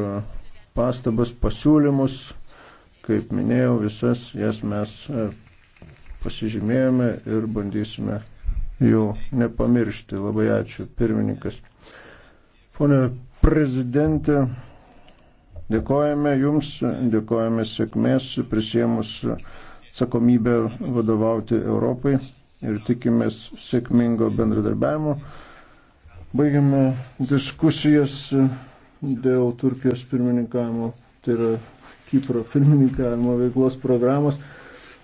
E, pastabas, pasiūlymus. Kaip minėjau, visas jas mes e, pasižymėjome ir bandysime jų nepamiršti. Labai ačiū, pirmininkas. Pone prezidentė, dėkojame Jums, dėkojame sėkmės prisėmus atsakomybę vadovauti Europai ir tikimės sėkmingo bendradarbiavimo. Baigiame diskusijas dėl Turkijos pirmininkavimo, tai yra Kipro pirmininkavimo veiklos programos.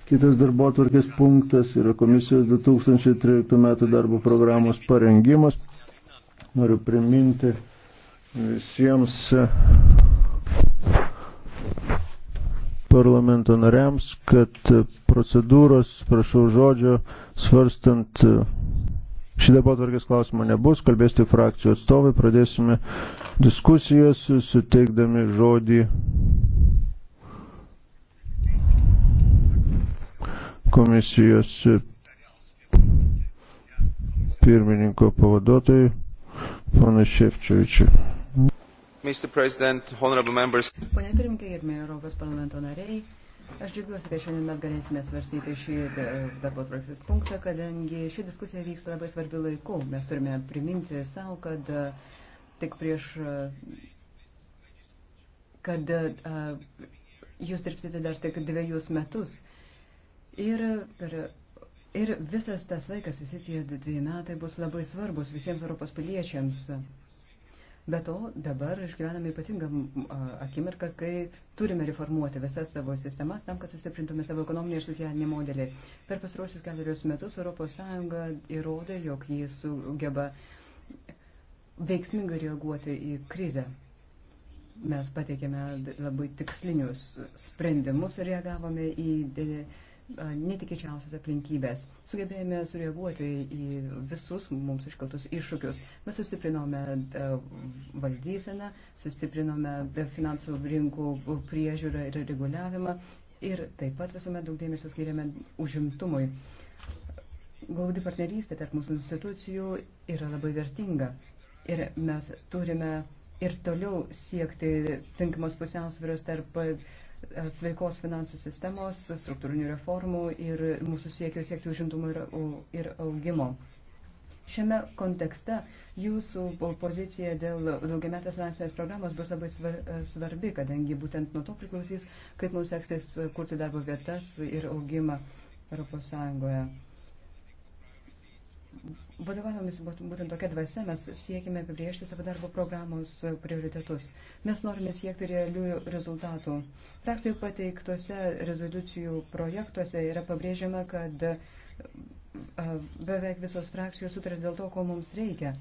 Kitas darbo atvarkės punktas yra komisijos 2013 metų darbo programos parengimas. Noriu priminti visiems parlamento nariams, kad procedūros, prašau žodžio, svarstant Šį darbo tvarkės klausimą nebus, kalbės tik frakcijų atstovai, pradėsime diskusijas, suteikdami žodį komisijos pirmininko pavaduotojui, pana Šefčiovičiu. Mr. President, honorable members. Pone pirmininkai ir Europos parlamento nariai. Aš džiaugiuosi, kad šiandien mes galėsime svarstyti šį e, darbo tvarksis punktą, kadangi ši diskusija vyksta labai svarbiu laiku. Mes turime priminti savo, kad e, tik prieš, e, kad a, jūs dirbsite dar tik dviejus metus. Ir, per, ir visas tas laikas, visi tie dviejai metai bus labai svarbus visiems Europos piliečiams. Be to, dabar išgyvename ypatingą akimirką, kai turime reformuoti visas savo sistemas tam, kad sustiprintume savo ekonominį ir socialinį modelį. Per pastarosius keliarius metus ES įrodė, jog jis sugeba veiksmingai reaguoti į krizę. Mes pateikėme labai tikslinius sprendimus ir reagavome į netikėčiausias aplinkybės. Sugebėjome sureaguoti į visus mums iškeltus iššūkius. Mes sustiprinome valdyseną, sustiprinome finansų rinkų priežiūrą ir reguliavimą ir taip pat visuomet daug dėmesio skiriame užimtumui. Glaudi partnerystė tarp mūsų institucijų yra labai vertinga ir mes turime ir toliau siekti tinkamos pusiausvėros tarp uh, sveikos finansų sistemos, struktūrinių reformų ir mūsų siekio siekti užimtumo ir, ir augimo. Šiame kontekste jūsų pozicija dėl daugiametės finansinės programos bus labai svarbi, kadangi būtent nuo to priklausys, kaip mums seksis kurti darbo vietas ir augimą ES vadovavomis būtent tokia dvasia mes siekime apibriežti savo darbo programos prioritetus. Mes norime siekti realių rezultatų. Praktai pateiktuose rezoliucijų projektuose yra pabrėžiama, kad beveik visos frakcijos sutarė dėl to, ko mums reikia.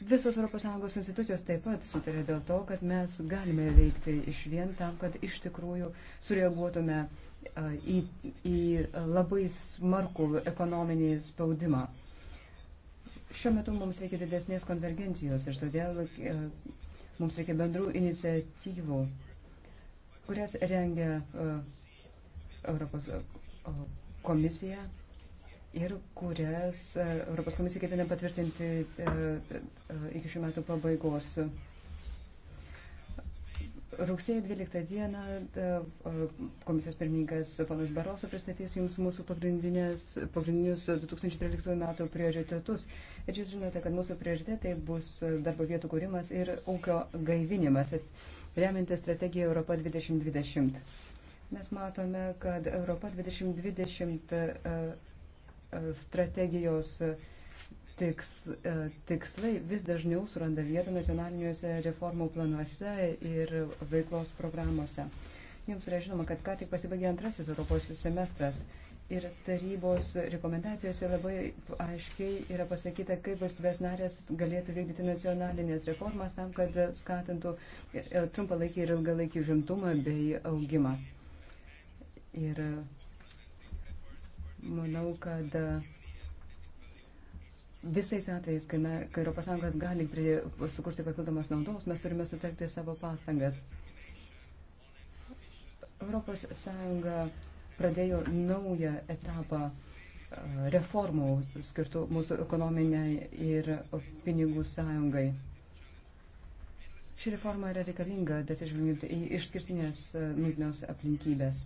Visos ES institucijos taip pat sutarė dėl to, kad mes galime veikti iš vien tam, kad iš tikrųjų sureaguotume į, į labai smarkų ekonominį spaudimą. Šiuo metu mums reikia didesnės konvergencijos ir todėl mums reikia bendrų iniciatyvų, kurias rengia Europos komisija ir kurias Europos komisija ketina patvirtinti iki šių metų pabaigos. Rugsėjo 12 dieną komisijos pirmininkas panas Baroso pristatys jums mūsų pagrindinius 2013 metų prioritetus. Ir jūs žinote, kad mūsų prioritetai bus darbo vietų kūrimas ir ūkio gaivinimas, remiantis strategiją Europa 2020. Mes matome, kad Europa 2020 strategijos uh, tiks, e, tikslai vis dažniau suranda vietą nacionaliniuose reformų planuose ir veiklos programuose. Jums yra žinoma, kad ką tik pasibaigė antrasis Europos semestras ir tarybos rekomendacijose labai aiškiai yra pasakyta, kaip valstybės narės galėtų vykdyti nacionalinės reformas tam, kad skatintų e, e, trumpalaikį ir ilgalaikį žimtumą bei augimą. Ir manau, kad visais atvejais, kai, me, kai ES gali prie, sukurti papildomas naudos, mes turime sutelkti savo pastangas. ES pradėjo naują etapą reformų skirtų mūsų ekonominiai ir pinigų sąjungai. Ši reforma yra reikalinga, atsižvelgiant į išskirtinės nūdienos aplinkybės.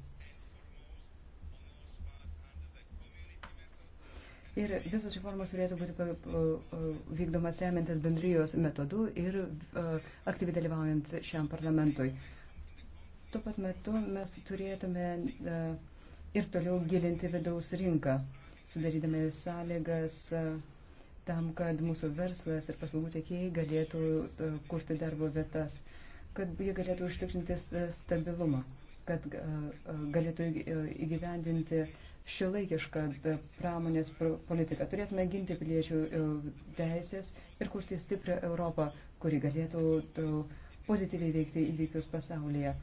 Ir visos reformos turėtų būti vykdomas remiantis bendrijos metodu ir aktyviai dalyvaujant šiam parlamentui. Tuo pat metu mes turėtume ir toliau gilinti vidaus rinką, sudarydami sąlygas tam, kad mūsų verslas ir paslaugų tiekėjai galėtų kurti darbo vietas, kad jie galėtų užtikrinti stabilumą, kad galėtų įgyvendinti uh, šiuolaikišką pramonės politiką. Turėtume ginti piliečių e, teisės ir kurti stiprią Europą, kuri galėtų e, pozityviai veikti įvykius pasaulyje.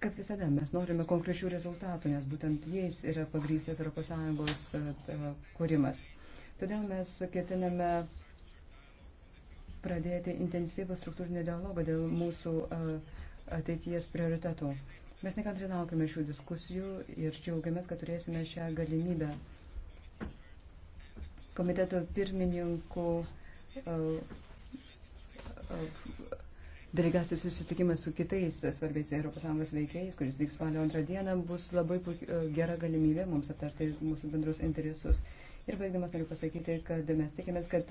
Kaip visada, mes norime konkrečių rezultatų, nes būtent jais yra pagrystas ES e, kūrimas. Todėl mes ketiname pradėti intensyvų struktūrinį dialogą dėl mūsų ateities prioritetų. Mes nekantri laukiame šių diskusijų ir džiaugiamės, kad turėsime šią galimybę. Komiteto pirmininkų e, e, delegacijų susitikimas su kitais svarbiais ES veikėjais, kuris vyks spalio antrą dieną, bus labai puikia, e, gera galimybė mums aptarti mūsų bendrus interesus. Ir baigdamas noriu pasakyti, kad mes tikimės, kad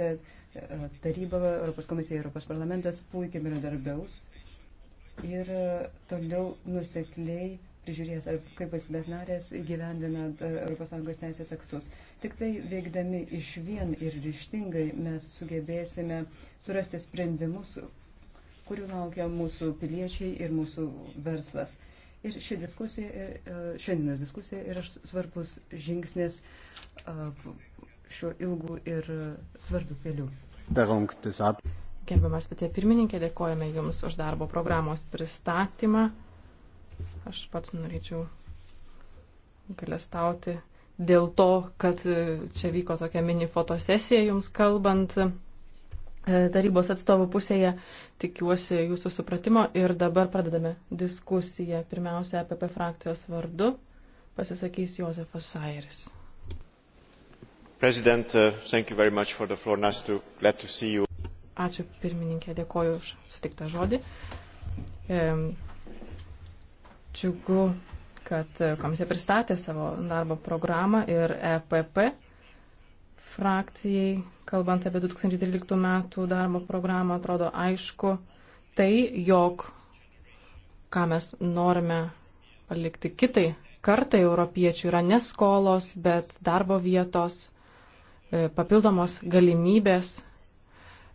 taryba, Europos komisija, Europos parlamentas puikiai bendradarbiaus ir e, toliau nusekliai prižiūrės, kaip valstybės narės gyvendina ES teisės aktus. Tik tai veikdami iš vien ir ryštingai mes sugebėsime surasti sprendimus, kurių laukia mūsų piliečiai ir mūsų verslas. Ir ši diskusija, e, e, šiandienos diskusija yra svarbus žingsnis šiuo ilgu ir svarbiu keliu. Gerbiamas patie pirmininkė, dėkojame Jums už darbo programos pristatymą. Aš pats norėčiau galestauti dėl to, kad čia vyko tokia mini fotosesija Jums kalbant e, tarybos atstovų pusėje. Tikiuosi Jūsų supratimo ir dabar pradedame diskusiją. Pirmiausia, APP e frakcijos vardu pasisakys Josefas Sairis. President, uh, thank you very much for the floor. Nice to, glad to see you. Ačiū pirmininkė, dėkoju už sutiktą žodį. Džiugu, kad komisija pristatė savo darbo programą ir EPP frakcijai, kalbant apie 2013 metų darbo programą, atrodo aišku tai, jog ką mes norime palikti kitai kartai europiečių yra ne skolos, bet darbo vietos, e, papildomos galimybės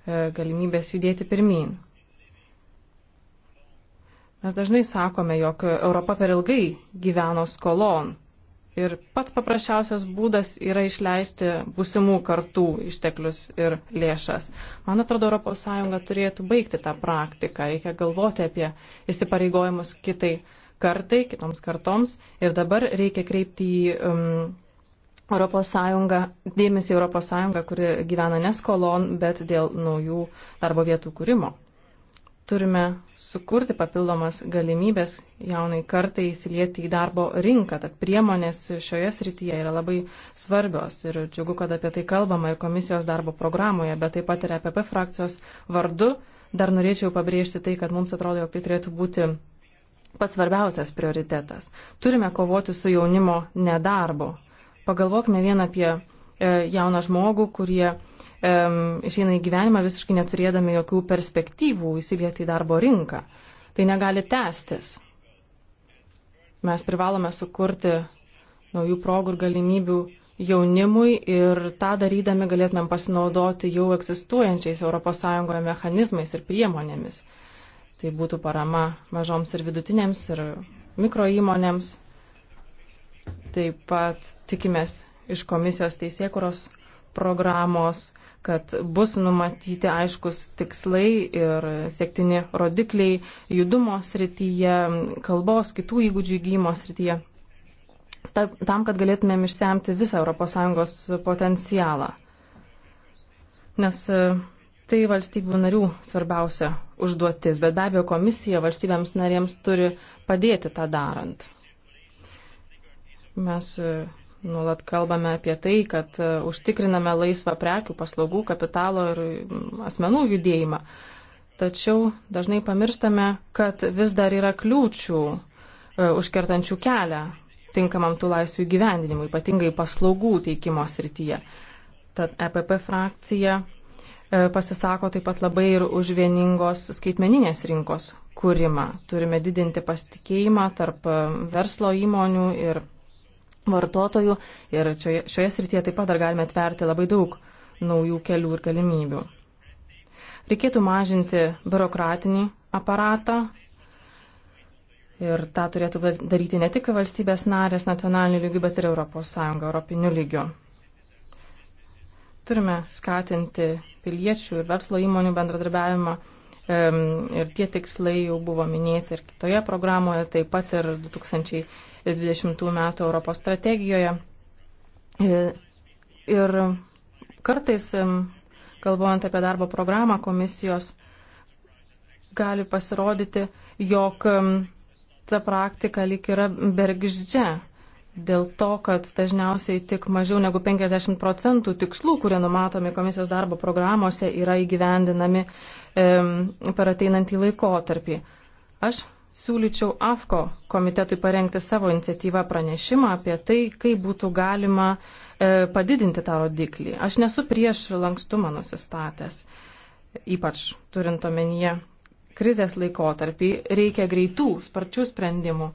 E, galimybės judėti pirmin. Mes dažnai sakome, jog Europa per ilgai gyveno skolon. Ir pats paprasčiausias būdas yra išleisti būsimų kartų išteklius ir lėšas. Man atrodo, ES turėtų baigti tą praktiką. Reikia galvoti apie įsipareigojimus kitai kartai, kitoms kartoms. Ir dabar reikia kreipti į um, Europos Sąjunga, dėmesį Europos Sąjungą, kuri gyvena ne skolon, bet dėl naujų darbo vietų kūrimo. Turime sukurti papildomas galimybės jaunai kartai įsilieti į darbo rinką, tad priemonės šioje srityje yra labai svarbios ir džiugu, kad apie tai kalbama ir komisijos darbo programoje, bet taip pat ir EPP frakcijos vardu. Dar norėčiau pabrėžti tai, kad mums atrodo, jog tai turėtų būti pats svarbiausias prioritetas. Turime kovoti su jaunimo nedarbu Pagalvokime vien apie e, jauną žmogų, kurie e, išeina į gyvenimą visiškai neturėdami jokių perspektyvų įsilieti į darbo rinką. Tai negali tęstis. Mes privalome sukurti naujų progų ir galimybių jaunimui ir tą darydami galėtumėm pasinaudoti jau egzistuojančiais ES mechanizmais ir priemonėmis. Tai būtų parama mažoms ir vidutinėms ir mikro įmonėms, Taip pat tikimės iš komisijos teisėkuros programos, kad bus numatyti aiškus tikslai ir sėktini rodikliai judumo srityje, kalbos, kitų įgūdžių įgymo srityje, tam, kad galėtumėm išsemti visą ES potencialą. Nes e, tai valstybių narių svarbiausia užduotis, bet be abejo komisija valstybėms narėms turi padėti tą darant. Mes e, nuolat kalbame apie tai, kad e, užtikriname laisvą prekių, paslaugų, kapitalo ir asmenų judėjimą. Tačiau dažnai pamirštame, kad vis dar yra kliūčių e, užkertančių kelią tinkamam tų laisvių gyvendinimui, ypatingai paslaugų teikimo srityje. Tad EPP frakcija pasisako taip pat labai ir už vieningos skaitmeninės rinkos kūrimą. Turime didinti pasitikėjimą tarp verslo įmonių ir vartotojų ir šioje, šioje srityje taip pat dar galime atverti labai daug naujų kelių ir galimybių. Reikėtų mažinti biurokratinį aparatą ir tą turėtų daryti ne tik valstybės narės nacionaliniu lygiu, bet ir ES, europiniu lygiu. Turime skatinti piliečių ir verslo įmonių bendradarbiavimą ir tie tikslai jau buvo minėti ir kitoje programoje, taip pat ir 2000. 2020 metų Europos strategijoje. E, ir kartais, kalbant apie darbo programą komisijos, gali pasirodyti, jog ta praktika lyg yra bergždžia. Dėl to, kad dažniausiai tik mažiau negu 50 procentų tikslų, kurie numatomi komisijos darbo programuose, yra įgyvendinami e, per ateinantį laikotarpį. Aš siūlyčiau AFKO komitetui parengti savo iniciatyvą pranešimą apie tai, kaip būtų galima e, padidinti tą rodiklį. Aš nesu prieš lankstumą nusistatęs, ypač turint omenyje krizės laikotarpį, reikia greitų, sparčių sprendimų.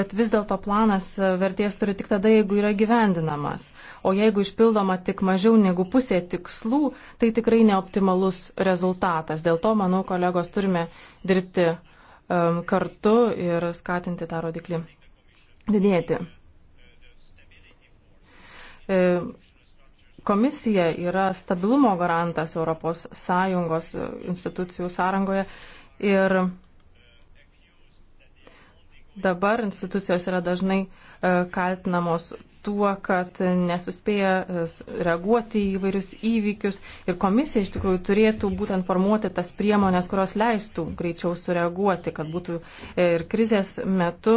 Bet vis dėlto planas e, verties turi tik tada, jeigu yra gyvendinamas. O jeigu išpildoma tik mažiau negu pusė tikslų, tai tikrai neoptimalus rezultatas. Dėl to, manau, kolegos turime dirbti uh, Um, kartu ir skatinti tą rodiklį didėti. Um, komisija yra stabilumo garantas ES institucijų sąrangoje ir dabar institucijos yra dažnai uh, kaltinamos tuo, kad nesuspėja e, reaguoti į įvairius įvykius ir komisija iš tikrųjų turėtų būtent formuoti tas priemonės, kurios leistų greičiau sureaguoti, kad būtų e, ir krizės metu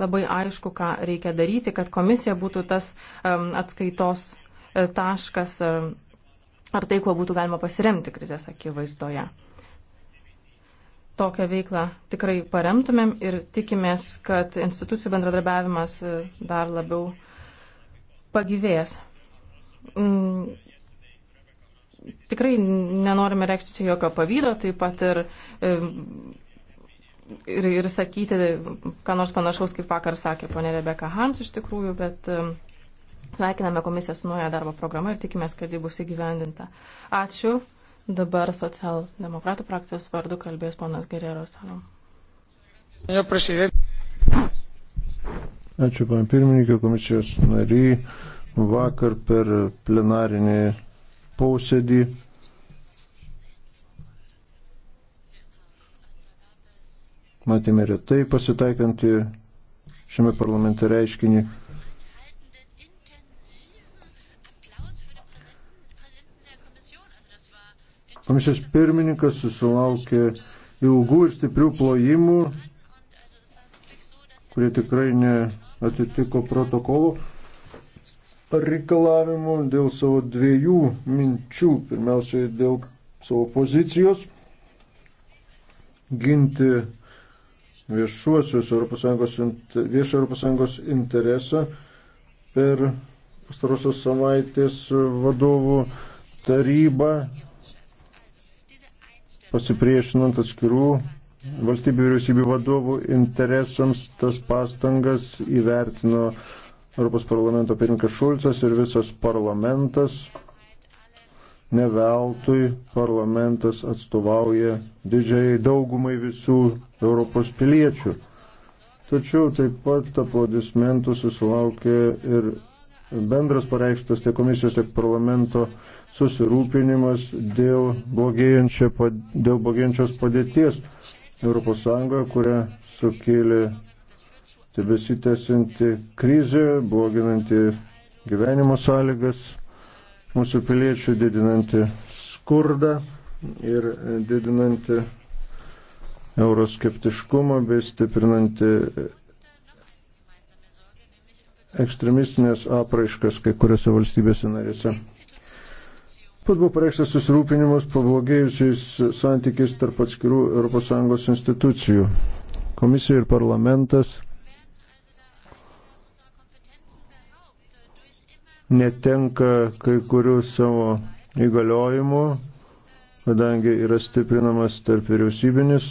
labai aišku, ką reikia daryti, kad komisija būtų tas atskaitos e, taškas ar tai, kuo būtų galima pasiremti krizės akivaizdoje. Tokią veiklą tikrai paremtumėm ir tikimės, kad institucijų bendradarbiavimas dar labiau pagyvės. Mm, tikrai nenorime reikšti čia jokio pavydo, taip pat ir, ir, ir sakyti, ką nors panašaus, kaip vakar sakė ponė Rebeka Harms iš tikrųjų, bet sveikiname komisiją su nuoja darbo programa ir tikimės, kad ji bus įgyvendinta. Ačiū. Dabar socialdemokratų frakcijos vardu kalbės ponas Gerero Salom. Ačiū, pan pirmininkė, komisijos nariai. Vakar per plenarinį posėdį matėme retai pasitaikantį šiame parlamente reiškinį. Komisijos pirmininkas susilaukė ilgų ir stiprių plojimų, kurie tikrai ne atitiko protokolo reikalavimų dėl savo dviejų minčių. Pirmiausiai dėl savo pozicijos ginti viešuosius ES, viešo ES interesą per pastarosios savaitės vadovų tarybą pasipriešinant atskirų valstybių vyriausybių vadovų interesams tas pastangas įvertino Europos parlamento pirmininkas Šulcas ir visas parlamentas. Neveltui parlamentas atstovauja didžiai daugumai visų Europos piliečių. Tačiau taip pat aplodismentų susilaukė ir bendras pareikštas tiek komisijos, tiek parlamento susirūpinimas dėl blogėjančios padėties Europos Sąjungoje, kurią sukėlė tebesitęsinti krizė, bloginanti gyvenimo sąlygas, mūsų piliečių didinanti skurdą ir didinanti euroskeptiškumą bei stiprinanti ekstremistinės apraiškas kai kuriuose valstybėse narėse. Pat buvo pareikštas susirūpinimas pablogėjusiais santykiais tarp atskirų ES institucijų. Komisija ir parlamentas netenka kai kurių savo įgaliojimų, kadangi yra stiprinamas tarp vyriausybinis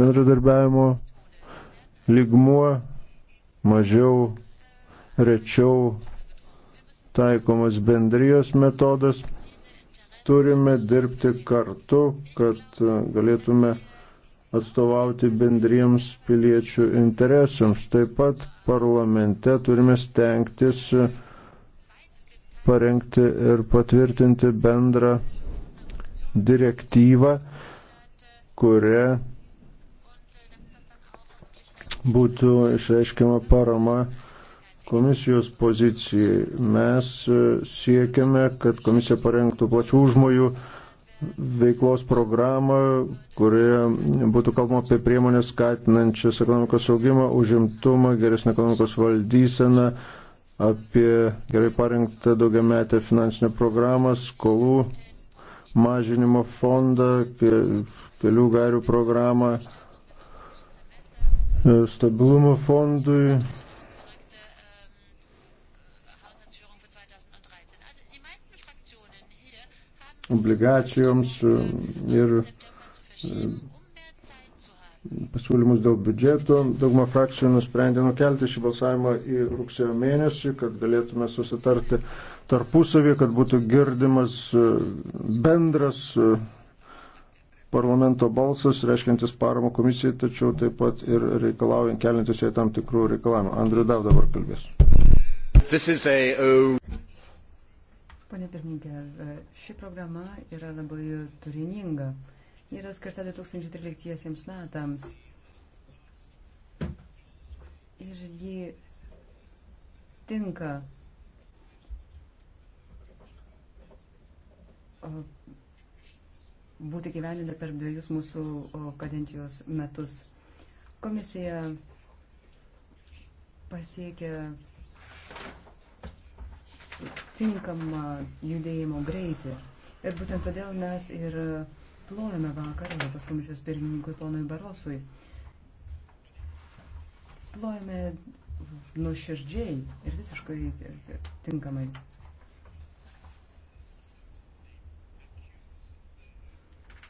bendradarbiavimo lygmuo, mažiau, rečiau taikomas bendrijos metodas turime dirbti kartu, kad e, galėtume atstovauti bendriems piliečių interesams. Taip pat parlamente turime stengtis e, parengti ir patvirtinti bendrą direktyvą, kuria būtų išreiškiama parama komisijos pozicijai. Mes e, siekiame, kad komisija parengtų plačių užmojų veiklos programą, kurioje būtų kalbama apie priemonės skatinančias ekonomikos augimą, užimtumą, geresnį ekonomikos valdyseną, apie gerai parengtą daugiametę finansinę programą, skolų mažinimo fondą, kelių gairių programą, e, stabilumo fondui, obligacijoms e, ir e, pasiūlymus dėl biudžeto. Dauguma frakcijų nusprendė nukelti šį balsavimą į rugsėjo mėnesį, kad galėtume susitarti tarpusavį, kad būtų girdimas e, bendras parlamento balsas, reiškintis paramą komisijai, tačiau taip pat ir reikalaujant kelintis jai tam tikrų reikalavimų. Andriu Dav dabar kalbės. Pane pirmininkė, e, ši programa yra labai turininga. Ji yra skirta 2013 metams. Ir ji tinka būti gyveninta per dviejus mūsų kadencijos metus. Komisija pasiekė tinkamą judėjimo greitį. Ir būtent todėl mes ir plojame vakar Europos komisijos pirmininkui ponui Barosui. Plojame nuširdžiai ir visiškai tinkamai.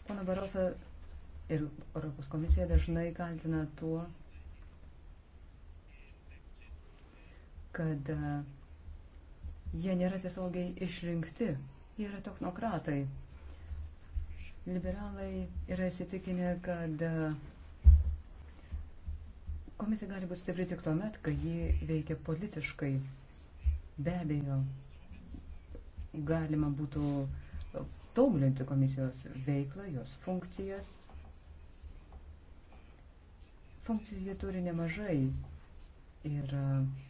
Pana Barosa ir Europos komisija dažnai kaltina tuo, kad uh, Jie nėra tiesiogiai išrinkti, jie yra technokratai. Liberalai yra įsitikinę, kad e, komisija gali būti stipri tik tuo met, kai ji veikia politiškai. Be abejo, galima būtų e, tobulinti komisijos veiklą, jos funkcijas. Funkcijų jie turi nemažai. Ir uh,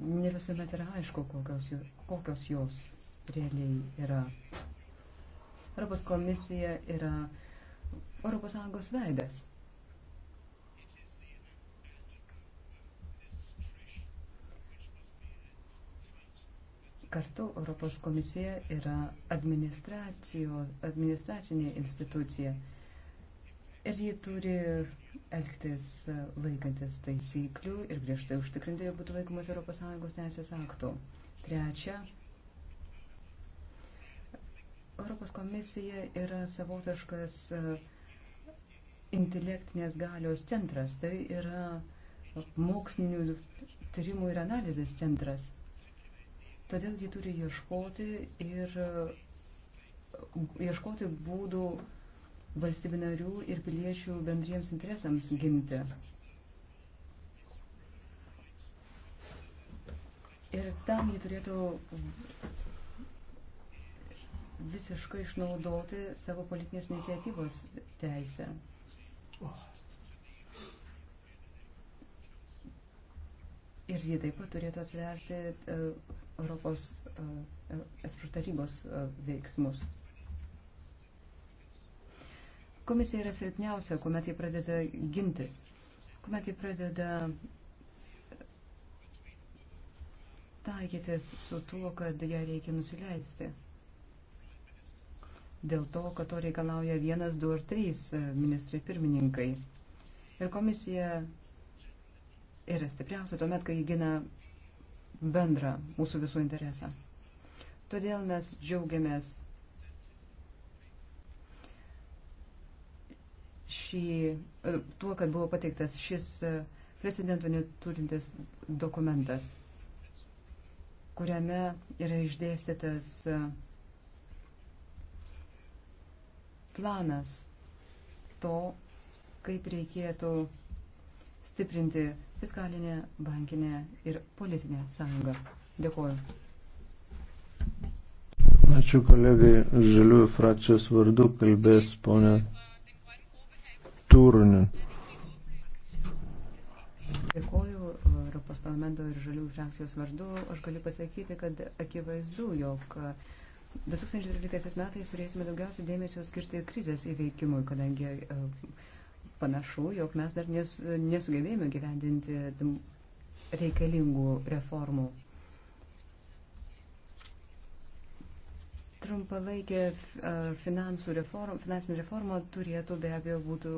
ne visuomet yra aišku, kokios, kokios jos realiai yra. Europos komisija yra Europos Sąjungos veidas. Kartu Europos komisija yra administracinė institucija ir ji turi elgtis laikantis taisyklių ir griežtai užtikrinti, jog būtų laikomas ES teisės aktų. Trečia, Europos komisija yra savotiškas e, intelektinės galios centras, tai yra mokslinių tyrimų ir analizės centras. Todėl ji turi ieškoti ir e, ieškoti būdų valstybių narių ir piliečių bendriems interesams ginti. Ir tam jie turėtų visiškai išnaudoti savo politinės iniciatyvos teisę. Ir jie taip pat turėtų atsverti e, Europos, atsiprašau, e, e, tarybos veiksmus. Komisija yra silpniausia, kuomet jie pradeda gintis, kuomet jie pradeda taikytis su tuo, kad ją reikia nusileisti. Dėl to, kad to reikalauja vienas, du ar trys e, ministrai pirmininkai. Ir komisija yra stipriausia tuomet, kai gina bendrą mūsų visų interesą. Todėl mes džiaugiamės šį, e, tuo, kad buvo pateiktas šis e, precedento neturintis dokumentas, kuriame yra išdėstytas e, planas to, kaip reikėtų stiprinti fiskalinę, bankinę ir politinę sąjungą. Dėkuoju. Ačiū kolegai Žaliųjų frakcijos vardu kalbės ponė Turunen. Dėkuoju e, Europos parlamento ir žaliųjų frakcijos vardu. Aš galiu pasakyti, kad akivaizdu, jog 2013 metais turėsime daugiausiai dėmesio skirti krizės įveikimui, kadangi e, panašu, jog mes dar nes, nesugebėjome gyvendinti reikalingų reformų. trumpalaikė finansų reforma, finansinė reforma turėtų be abejo būtų,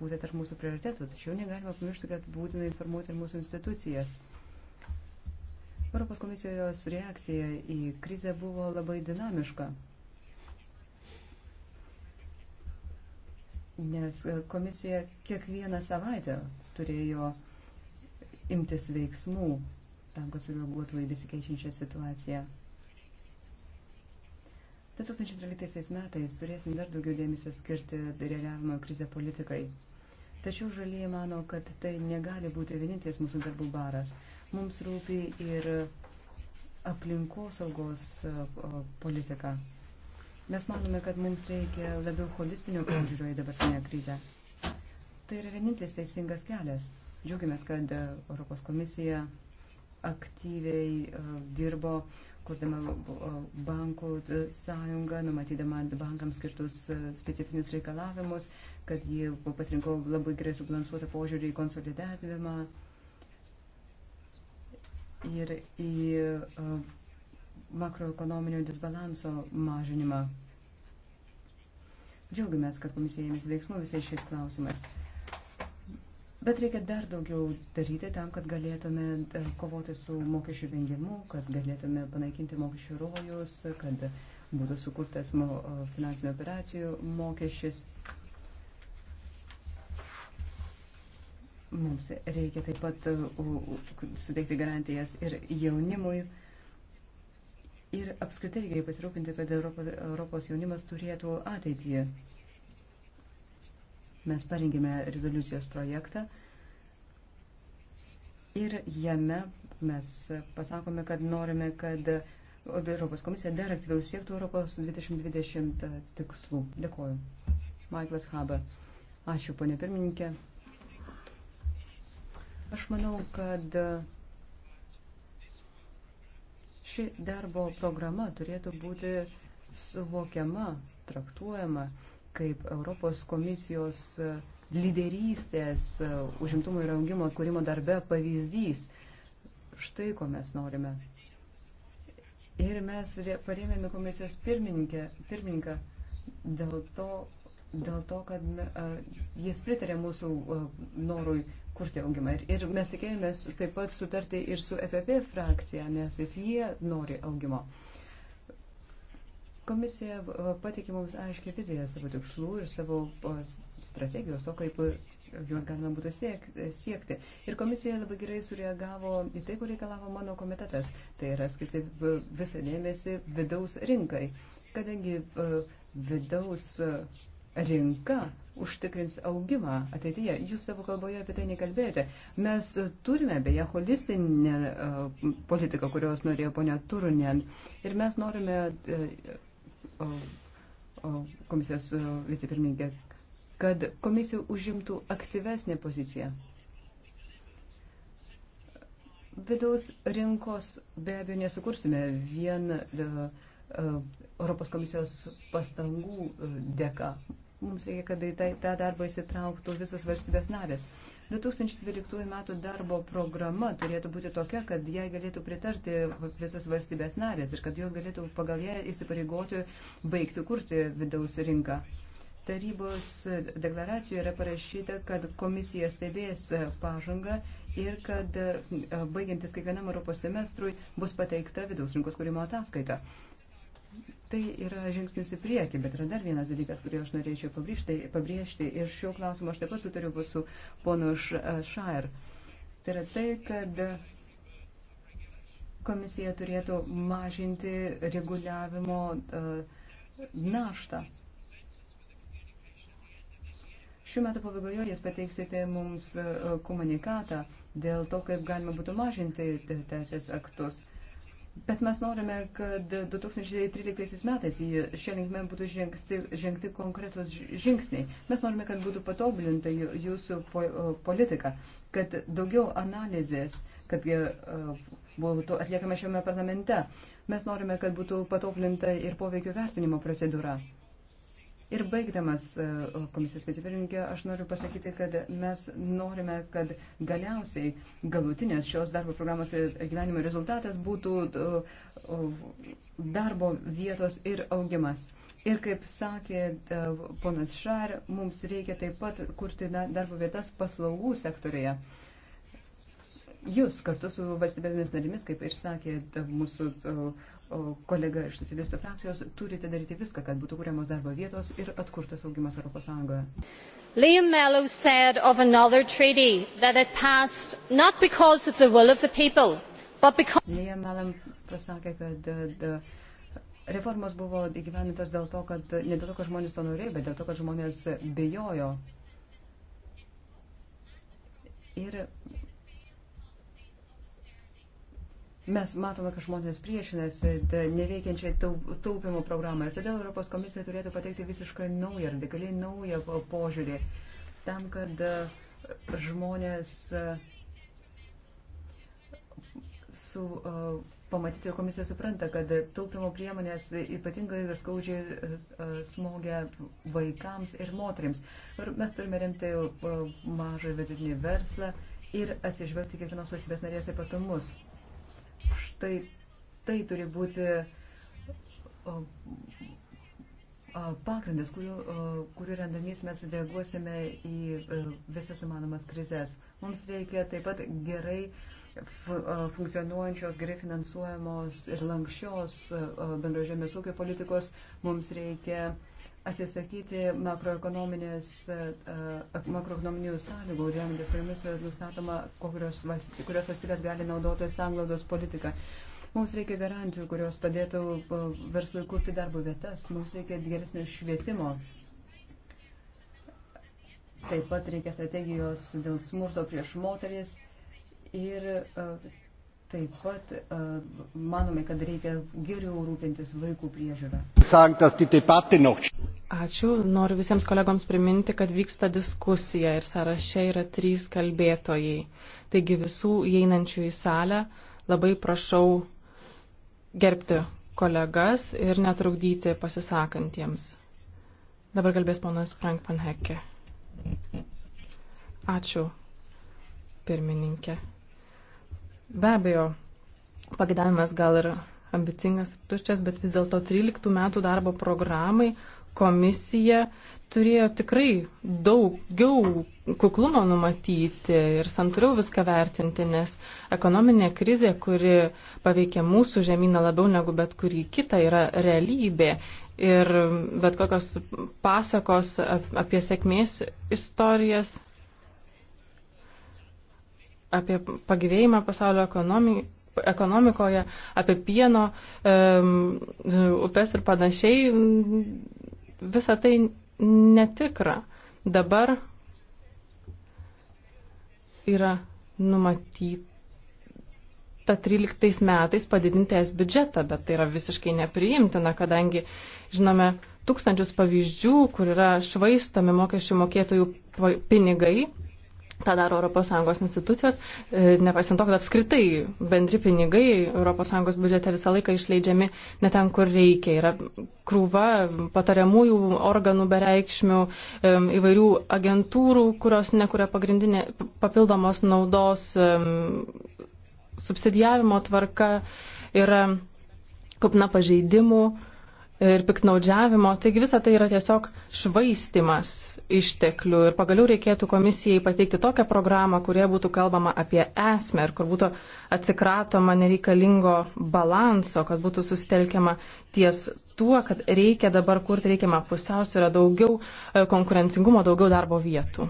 būti tarp mūsų prioritetų, tačiau negalima pamiršti, kad būtina informuoti ir mūsų institucijas. Europos komisijos reakcija į krizę buvo labai dinamiška, nes komisija kiekvieną savaitę turėjo imtis veiksmų tam, kad sureaguotų į besikeičiančią situaciją. 2013 metais turėsim dar daugiau dėmesio skirti reagavimo krizę politikai. Tačiau žalieji mano, kad tai negali būti vienintelis mūsų darbų baras. Mums rūpi ir aplinkosaugos politika. Mes manome, kad mums reikia labiau holistinio požiūrio į dabartinę krizę. Tai yra vienintelis teisingas kelias. Džiaugiamės, kad e, Europos komisija aktyviai e, dirbo kurdama e, bankų e, sąjungą, numatydama bankams skirtus e, specifinius reikalavimus, kad ji pasirinko labai gerai subalansuotą požiūrį į konsolidavimą ir į makroekonominio disbalanso mažinimą. Džiaugiamės, kad komisija ėmėsi veiksmų visais šiais klausimais. Bet reikia dar daugiau daryti tam, kad galėtume e, kovoti su mokesčių vengimu, kad galėtume panaikinti mokesčių rojus, kad būtų sukurtas e, finansinių operacijų mokesčius. Mums reikia taip pat e, suteikti garantijas ir jaunimui. Ir apskritai reikia pasirūpinti, kad Europos jaunimas turėtų ateitį. Mes parengėme rezoliucijos projektą ir jame mes pasakome, kad norime, kad Europos komisija dar aktyviau siektų Europos 2020 tikslų. Dėkoju. Maiklas Haber. Ačiū, ponė pirmininkė. Aš manau, kad ši darbo programa turėtų būti suvokiama, traktuojama kaip Europos komisijos e, lyderystės e, užimtumo ir augimo atkūrimo darbe pavyzdys. Štai ko mes norime. Ir mes parėmėme komisijos pirmininką dėl to, dėl to kad uh, jis pritarė mūsų uh, norui kurti augimą. Ir, ir mes tikėjomės taip pat sutarti ir su EPP frakcija, nes ir jie nori augimo. Uh, Komisija pateikė mums aiškiai viziją savo tikslų ir savo strategijos, to kaip e, juos galima būtų siek, e, siekti. Ir komisija labai gerai sureagavo į tai, ko reikalavo mano komitetas. Tai yra skirti visą dėmesį vidaus rinkai, kadangi e, vidaus rinka užtikrins augimą ateityje. Jūs savo kalboje apie tai nekalbėjote. Mes turime beje holistinę politiką, kurios norėjo ponia Turunien. Ir mes norime komisijos vicepirmininkė, kad komisija užimtų aktyvesnę poziciją. Vidaus rinkos be abejo nesukursime vien de, uh, e, Europos komisijos pastangų e, dėka. Mums reikia, kad į tai, tą darbą įsitrauktų visos valstybės narės. Uh, 2012 m. darbo programa turėtų būti tokia, kad jai galėtų pritarti visos valstybės narės ir kad jos galėtų pagal ją įsipareigoti baigti kurti vidaus rinką. Tarybos deklaracijoje yra parašyta, kad komisija stebės pažangą ir kad baigiantis kiekvienam Europos semestrui bus pateikta vidaus rinkos kūrimo ataskaita. Tai yra žingsnis į priekį, bet yra dar vienas dalykas, kurį aš norėčiau pabrėžti, pabrėžti ir šiuo klausimu aš taip pat sutariu su ponu Šair. Tai yra tai, kad komisija turėtų mažinti reguliavimo naštą. Šiuo metu pabaigoje jūs pateiksite mums komunikatą dėl to, kaip galima būtų mažinti teisės aktus. Bet mes norime, kad 2013 metais šią linkmę būtų žengti, žengti konkretus žingsniai. Mes norime, kad būtų patobulinta jūsų politika, kad daugiau analizės, kad e, būtų atliekama šiame parlamente. Mes norime, kad būtų patobulinta ir poveikio vertinimo procedūra. Ir baigdamas e, komisijos vicepirinkė, aš noriu pasakyti, kad mes norime, kad galiausiai galutinės šios darbo programos gyvenimo rezultatas būtų e, darbo vietos ir augimas. Ir kaip sakė e, ponas Šar, mums reikia taip pat kurti darbo vietas paslaugų sektorėje. Jūs kartu su valstybėmis narimis, kaip ir sakė mūsų kolega iš socialistų frakcijos, turite daryti viską, kad būtų kuriamos darbo vietos ir atkurtas augimas Europos Sąjungoje. Liam Mello said of another treaty that it passed not because of the will of the people, but because... Liam Mello pasakė, kad e, reformos buvo įgyvenintas dėl to, kad ne dėl to, kad žmonės to norėjo, bet dėl to, kad žmonės bijojo. Ir Mes matome, kad žmonės priešinasi neveikiančiai taupimo programai ir todėl Europos komisija turėtų pateikti visiškai naują, radikaliai naują požiūrį tam, kad e, žmonės e, su, e, pamatyti, komisija supranta, kad taupimo priemonės ypatingai skaudžiai smogia vaikams ir moteriams. Ir mes turime remti mažą vidutinį verslą ir atsižvelgti kiekvienos valstybės narės ypatumus. Štai tai turi būti pagrindas, kuriuo, kuriuo rendamies mes reaguosime į e, visas įmanomas krizės. Mums reikia taip pat gerai funkcionuojančios, gerai finansuojamos ir lankščios bendrožėmės ūkio politikos. Mums reikia uh, atsisakyti e, e, makroekonominių sąlygų, remintis kuriomis nustatoma, kurios valstybės gali naudoti sanglaudos politiką. Mums reikia garantijų, kurios padėtų e, verslui kurti darbo vietas, mums reikia geresnio švietimo. Taip pat reikia strategijos dėl smurto prieš moteris ir uh, Taip pat e, manome, kad reikia geriau rūpintis vaikų priežiūrą. Ačiū. Noriu visiems kolegoms priminti, kad vyksta diskusija ir sąraše yra trys kalbėtojai. Taigi visų įeinančių į salę labai prašau gerbti kolegas ir netrukdyti pasisakantiems. Dabar kalbės ponas Frank Panheke. Ačiū, pirmininkė. Be abejo, pagėdavimas gal ir ambicingas ir tuščias, bet vis dėlto 13 metų darbo programai komisija turėjo tikrai daugiau kuklumo numatyti ir santūriau viską vertinti, nes ekonominė krizė, kuri paveikia mūsų žemyną labiau negu bet kurį kitą, yra realybė. Ir bet kokios pasakos apie sėkmės istorijas apie pagyvėjimą pasaulio ekonomi, ekonomikoje, apie pieno, um, upes ir panašiai, visa tai netikra. Dabar yra numatyta 13 metais padidinti es biudžetą, bet tai yra visiškai nepriimtina, kadangi žinome tūkstančius pavyzdžių, kur yra švaistami mokesčių mokėtojų pinigai tą daro ES institucijos, e, nepaisant to, kad apskritai bendri pinigai ES biudžete visą laiką išleidžiami ne ten, kur reikia. Yra krūva patariamųjų organų bereikšmių, e, įvairių agentūrų, kurios nekuria pagrindinė papildomos naudos, e, subsidijavimo tvarka, yra kupna pažeidimų ir piknaudžiavimo. Taigi visa tai yra tiesiog švaistimas išteklių ir pagaliau reikėtų komisijai pateikti tokią programą, kurie būtų kalbama apie esmę ir kur būtų atsikratoma nereikalingo balanso, kad būtų sustelkiama ties tuo, kad reikia dabar kurti reikiamą pusiausvyrą daugiau e, konkurencingumo, daugiau darbo vietų.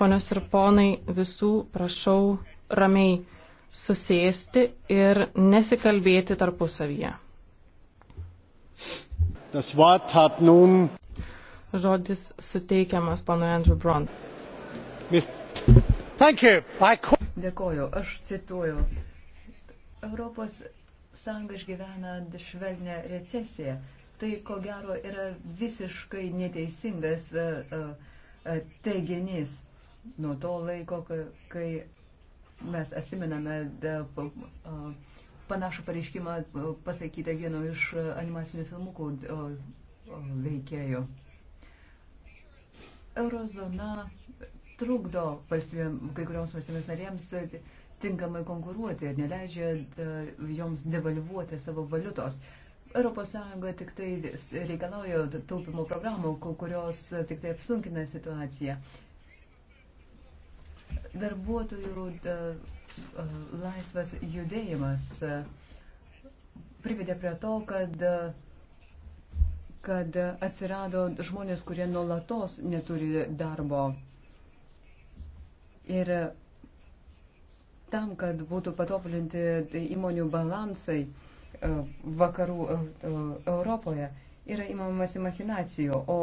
Ponios ir ponai, visų prašau ramiai susėsti ir nesikalbėti tarpusavyje. Das Wort hat nun. Žodis suteikiamas panui Andrew Brown. Mis... Thank you. I... Dėkoju. Aš cituoju. Europos Sąjunga išgyvena švelnę recesiją. Tai ko gero yra visiškai neteisingas e, e, e, teiginys nuo to laiko, kai mes asiminame. Da, uh, Panašų pareiškimą e, pasakyta vieno iš e, animacinių filmukų e, veikėjų. Eurozona trukdo valstybėm, kai kurioms valstybėms narėms tinkamai konkuruoti ir neleidžia joms devalvuoti savo valiutos. ES tik tai reikalauja taupimo programų, kurios tik tai apsunkina situaciją. Darbuotojų E, laisvas judėjimas e, privedė prie to, kad, e, kad atsirado žmonės, kurie nuolatos neturi darbo. Ir tam, kad būtų patobulinti įmonių balansai vakarų Europoje, yra įmamasi machinacijų, o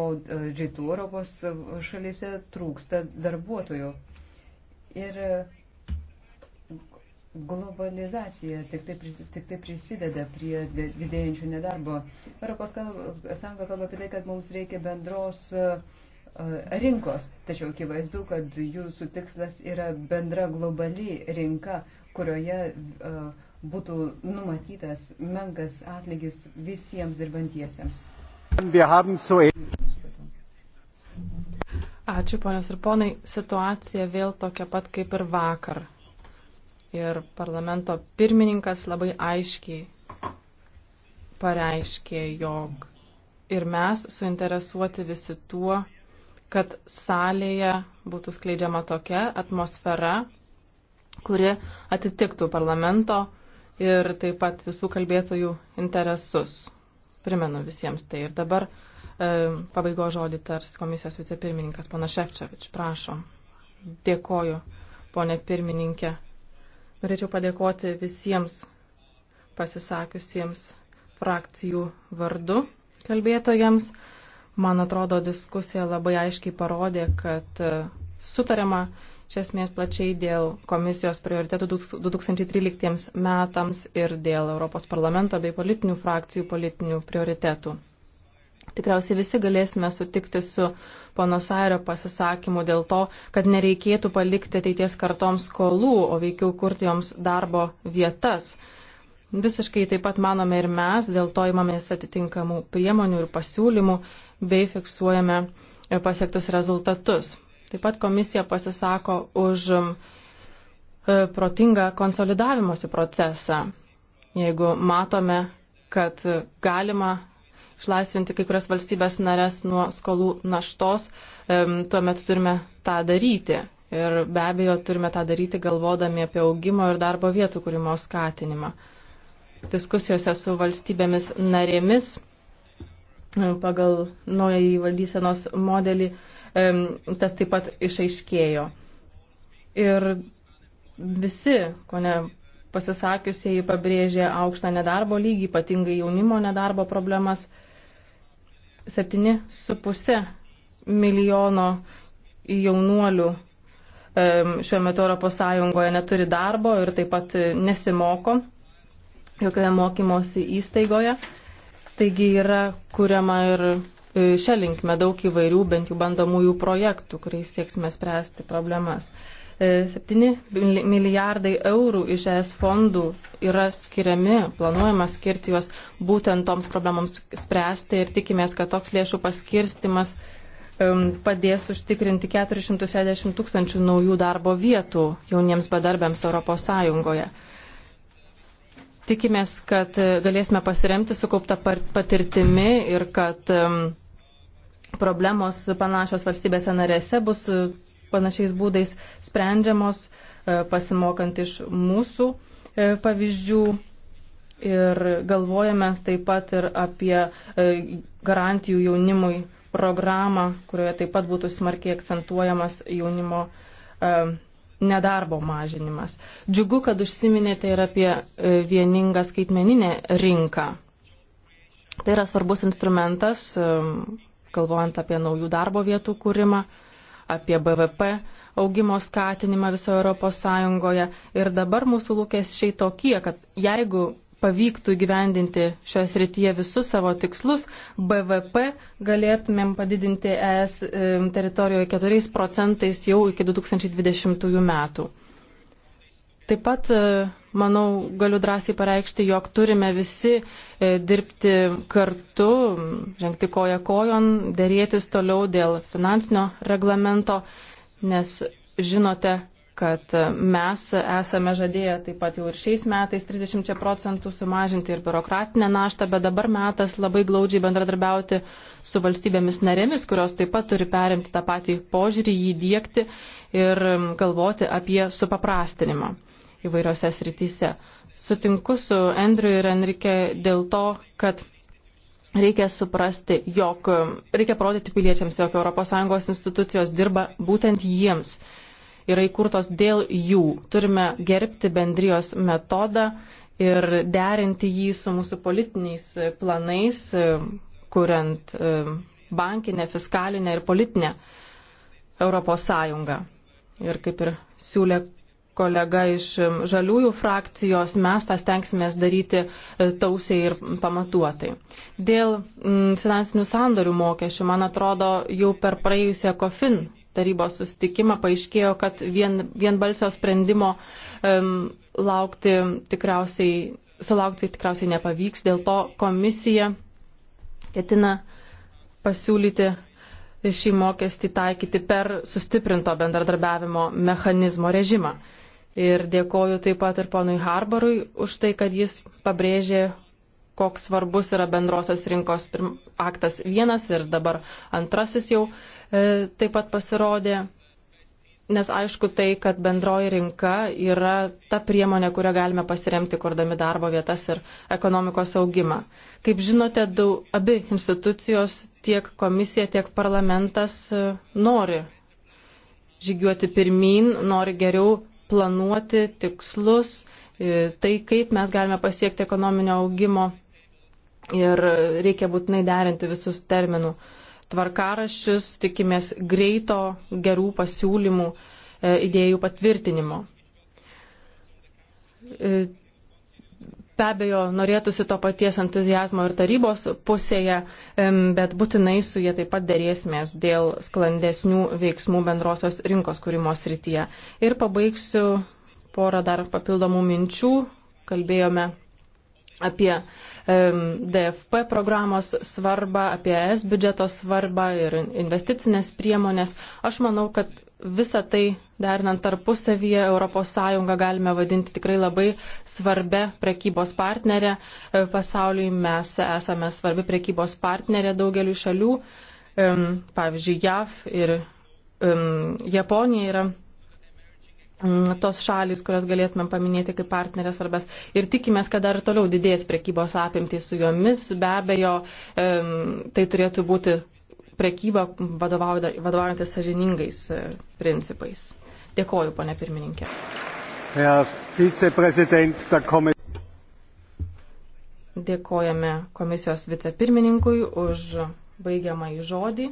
rytų Europos šalyse trūksta darbuotojų. Ir Globalizacija tik tai, tik tai prisideda prie didėjančių nedarbo. Europos sąjunga kalba apie tai, kad mums reikia bendros e, e, rinkos, tačiau akivaizdu, kad jūsų tikslas yra bendra globali rinka, kurioje e, būtų numatytas menkas atlygis visiems dirbantiesiems. Ačiū, ponios ir ponai. Situacija vėl tokia pat kaip ir vakar ir parlamento pirmininkas labai aiškiai pareiškė, jog ir mes suinteresuoti visi tuo, kad salėje būtų skleidžiama tokia atmosfera, kuri atitiktų parlamento ir taip pat visų kalbėtojų interesus. Primenu visiems tai. Ir dabar e, pabaigo žodį tars komisijos vicepirmininkas pana Šefčevič. Prašom. Dėkoju, ponė pirmininkė. Norėčiau padėkoti visiems pasisakiusiems frakcijų vardu kalbėtojams. Man atrodo, diskusija labai aiškiai parodė, kad e, sutarima iš esmės plačiai dėl komisijos prioritetų 2013 metams ir dėl Europos parlamento bei politinių frakcijų politinių prioritetų. Tikriausiai visi galėsime sutikti su pono Sairio pasisakymu dėl to, kad nereikėtų palikti ateities kartoms skolų, o veikiau kurti joms darbo vietas. Visiškai taip pat manome ir mes, dėl to imamės atitinkamų priemonių ir pasiūlymų bei fiksuojame e, pasiektus rezultatus. Taip pat komisija pasisako už e, protingą konsolidavimosi procesą. Jeigu matome, kad galima išlaisvinti kai kurias valstybės narės nuo skolų naštos, tuomet turime tą daryti. Ir be abejo, turime tą daryti galvodami apie augimo ir darbo vietų kūrimo skatinimą. Diskusijose su valstybėmis narėmis pagal naująjį valdysenos modelį tas taip pat išaiškėjo. Ir visi, ko ne pasisakiusieji, pabrėžė aukštą nedarbo lygį, ypatingai jaunimo nedarbo problemas. 7,5 milijono jaunuolių šiuo metu ES neturi darbo ir taip pat e, nesimoko jokioje mokymosi įstaigoje. Taigi yra kuriama ir e, šią linkmę daug įvairių, bent jau bandomųjų projektų, kuriais sieksime spręsti problemas. 7 e, milijardai eurų iš ES fondų yra skiriami, planuojama skirti juos būtent toms problemams spręsti ir tikimės, kad toks lėšų paskirstimas padės užtikrinti 460 tūkstančių naujų darbo vietų jauniems bedarbiams ES. Tikimės, kad e, galėsime pasiremti sukauptą patirtimi ir kad problemos panašios valstybėse narėse bus panašiais būdais sprendžiamos, e, pasimokant iš mūsų e, pavyzdžių. Ir galvojame taip pat ir apie e, garantijų jaunimui programą, kurioje taip pat būtų smarkiai akcentuojamas jaunimo nedarbo mažinimas. Džiugu, kad užsiminėte ir apie vieningą skaitmeninę rinką. Tai yra svarbus instrumentas, galvojant apie naujų darbo vietų kūrimą apie BVP augimo skatinimą visoje Europos Sąjungoje. Ir dabar mūsų lūkesčiai tokie, kad jeigu pavyktų įgyvendinti šioje srityje visus savo tikslus, BVP galėtumėm padidinti ES teritorijoje 4 procentais jau iki 2020 metų. Taip pat, e, manau, galiu drąsiai pareikšti, jog turime visi e, dirbti kartu, žengti koją kojon, dėrėtis toliau dėl finansinio reglamento, nes žinote, kad e, mes esame žadėję taip pat jau ir šiais metais 30 procentų sumažinti ir biurokratinę naštą, bet dabar metas labai glaudžiai bendradarbiauti su valstybėmis narėmis, kurios taip pat turi perimti tą patį požiūrį, jį dėkti ir galvoti apie supaprastinimą įvairiose srityse. Sutinku su Andriu ir Enrike dėl to, kad reikia suprasti, jog reikia parodyti piliečiams, jog ES institucijos dirba būtent jiems. Yra įkurtos dėl jų. Turime gerbti bendrijos metodą ir derinti jį su mūsų politiniais planais, kuriant e, bankinę, fiskalinę ir politinę Europos Sąjungą. Ir kaip ir siūlė kolega iš žaliųjų frakcijos, mes tą stengsimės daryti e, tausiai ir pamatuotai. Dėl finansinių sandorių mokesčių, man atrodo, jau per praėjusią COFIN tarybos sustikimą paaiškėjo, kad vien, vienbalsio sprendimo um, laukti tikriausiai, sulaukti tikriausiai nepavyks, dėl to komisija ketina pasiūlyti šį mokestį taikyti per sustiprinto bendradarbiavimo mechanizmo režimą. Ir dėkoju taip pat ir ponui Harbarui už tai, kad jis pabrėžė, koks svarbus yra bendrosios rinkos aktas vienas ir dabar antrasis jau e, taip pat pasirodė. Nes aišku tai, kad bendroji rinka yra ta priemonė, kurią galime pasiremti, kurdami darbo vietas ir ekonomikos augimą. Kaip žinote, daug, abi institucijos, tiek komisija, tiek parlamentas e, nori žygiuoti pirmin, nori geriau planuoti tikslus, e, tai kaip mes galime pasiekti ekonominio augimo ir reikia būtinai derinti visus terminų tvarkaraščius, tikimės greito, gerų pasiūlymų, e, idėjų patvirtinimo e, Be abejo, norėtųsi to paties entuzijazmo ir tarybos pusėje, bet būtinai su jie taip pat dėrėsimės dėl sklandesnių veiksmų bendrosios rinkos kūrimo srityje. Ir pabaigsiu porą dar papildomų minčių. Kalbėjome apie DFP programos svarbą, apie e S biudžeto svarbą ir investicinės priemonės. Aš manau, kad visą tai derinant tarpusavyje ES galime vadinti tikrai labai svarbia prekybos partnerė. E, pasauliui mes esame svarbi prekybos partnerė daugeliu šalių. E, pavyzdžiui, JAV ir e, Japonija yra tos šalis, kurias galėtumėm paminėti kaip partnerės svarbės. Ir tikimės, kad dar toliau didės prekybos apimtys su jomis. Be abejo, tai turėtų būti prekybą vadovaujantis sažiningais e, principais. Dėkoju, ponė pirmininkė. Dėkojame komisijos vicepirmininkui už baigiamąjį žodį.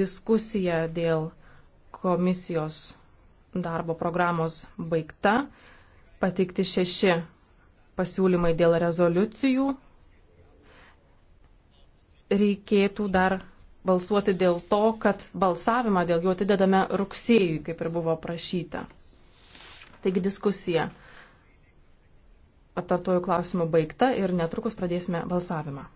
Diskusija dėl komisijos darbo programos baigta. Pateikti šeši pasiūlymai dėl rezoliucijų. Reikėtų dar balsuoti dėl to, kad balsavimą dėl jo atidedame rugsėjui, kaip ir buvo prašyta. Taigi diskusija aptartojų klausimų baigta ir netrukus pradėsime balsavimą.